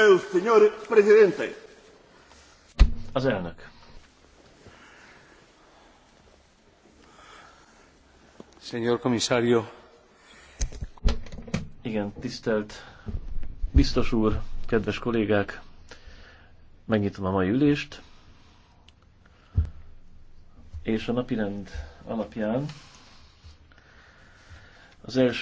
El señor presidente. Az elnök. Señor comisario. Igen, tisztelt biztos úr, kedves kollégák, megnyitom a mai ülést, és a napirend alapján az első